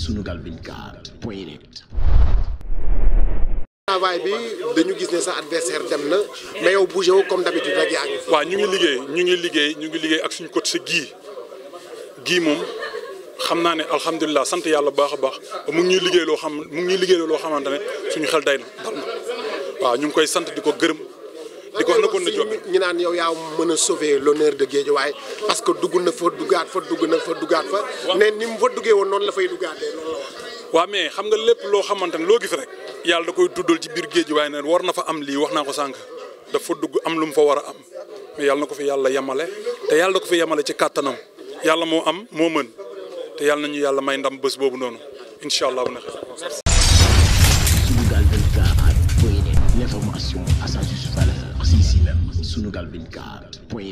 Sunugal 24 point net l'information bi dañu gis ne sa adversaire dem na mais yow bougé wu comme d'habitude rek yaa ngi ñu ngi liggéey ñu ngi liggéey ñu ngi liggéey ak suñu coach si gii gii moom xam naa ne alhamdulilah sant yàlla baax a baax mu ngi ñuy liggéey loo xam mu ngi ñuy liggéey loo xamante ne suñu xel day na dal ñu ngi koy sant di ko gërëm woon na naan yow yaa mën a sauver l'honneur de Guédiawaye parce que dugg na fa duggaat fa dugg na fa duggaat fa. ne ni mu fa duggee woon noonu la fay duggaatee loolu la wax. xam nga lépp loo xamante ne loo gis rek. yàlla da koy tuddal ci biir géej waaye ne war na fa am lii wax naa ko sànq dafa dugg am lu mu fa war a am mais yàlla na ko fi yàlla yemale te yàlla ko fi yemale ci kattanam yàlla moo am moo mën te yàlla ñu yàlla may ndam bés boobu noonu incha allah. à sa juste sunugal 24 point